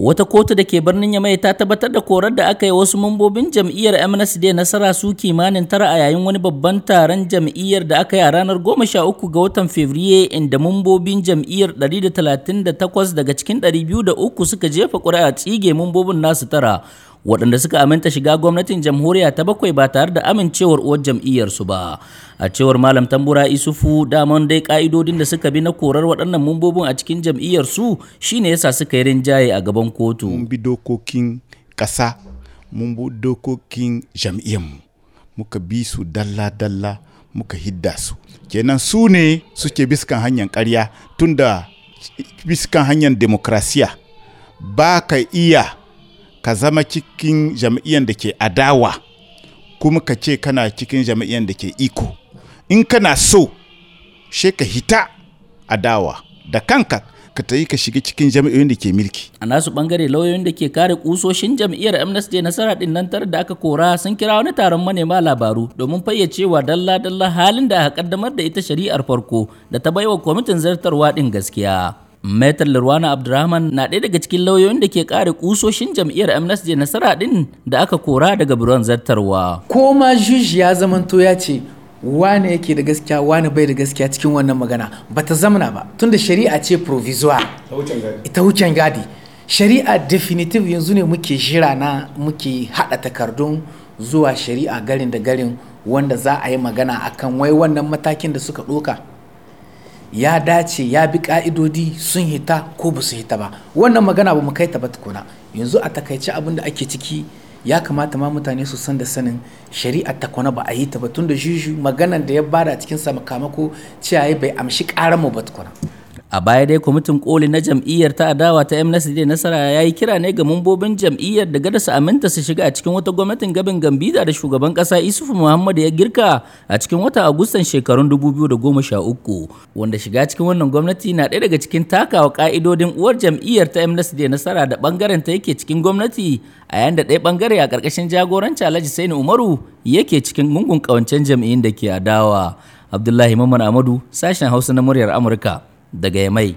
wata kotu da ke birnin yamai ta tabbatar da korar da aka yi wasu mambobin jam'iyyar amnesty nasara su kimanin tara a yayin wani babban taron jam'iyyar da aka yi a ranar 13 ga watan fevriye inda mambobin jam'iyyar 138 daga cikin 203 suka jefa ƙuri'a tsige mambobin nasu tara waɗanda suka aminta shiga gwamnatin jamhuriya ta bakwai ba tare da amincewar uwar jam'iyyarsu ba a cewar malam tambura isufu daman dai ka'idodin da suka bi na korar waɗannan mumbobin a cikin jam'iyyarsu shine yasa suka yi rinjaye a gaban kotu mun bi dokokin ƙasa mun bi dokokin jam'iyyarmu muka bi su dalla-dalla muka hidda su kenan su ne suke biskan hanyar ƙarya tunda biskan hanyar demokrasiya ba ka iya ka zama cikin jam'iyyar da ke adawa kuma ka ce kana cikin jam'iyyar da ke iko in kana so she ka hita adawa da kanka ka ta yi ka shiga cikin jam'iyyoyin da ke milki. A nasu bangare lauyoyin da ke kare kusoshin jam'iyyar Amnesty Nasara din nan tare da aka kora sun kira wani taron manema labaru domin fayyacewa dalla-dalla halin da aka kaddamar da ita shari'ar farko da ta baiwa kwamitin zartarwa din gaskiya. Maitar Lurwana Abdurrahman na ɗaya daga cikin lauyoyin da ke kare kusoshin jam'iyyar Amnesty Nasara ɗin da aka kora daga buron zartarwa. Ko ma juji ya zamanto ya ce wane yake da gaskiya wane bai da gaskiya cikin wannan magana ba ta zamana ba tunda shari'a ce provisoire ita wucen gadi shari'a definitive yanzu ne muke jira na muke haɗa takardun zuwa shari'a garin da garin wanda za a yi magana akan wai wannan matakin da suka ɗoka ya dace ya bi ka'idodi sun hita ko ba su hita ba wannan magana ba mu kai ta ba yanzu a takaici abin da ake ciki ya kamata ma mutane su san da sanin shari'a ta kwana ba a yi ta ba tun da juju maganan da ya bada cikin samakamako ciyaye bai amshi karamu ba tukuna a baya dai kwamitin koli na jam'iyyar ta adawa ta amnesty da nasara ya yi kira ne ga mambobin jam'iyyar da gada su aminta su shiga a cikin wata gwamnatin gabin gambiza da shugaban kasa isufu muhammad ya girka a cikin watan agustan shekarun 2013 wanda shiga cikin wannan gwamnati na ɗaya daga cikin takawa ka'idodin uwar jam'iyyar ta amnesty da nasara da ɓangaren ta yake cikin gwamnati a yayin da ɗaya ɓangare a ƙarƙashin jagorancin alhaji saini umaru yake cikin gungun ƙawancen jam'iyyun da ke adawa abdullahi mamman amadu sashen hausa na muryar amurka dageemay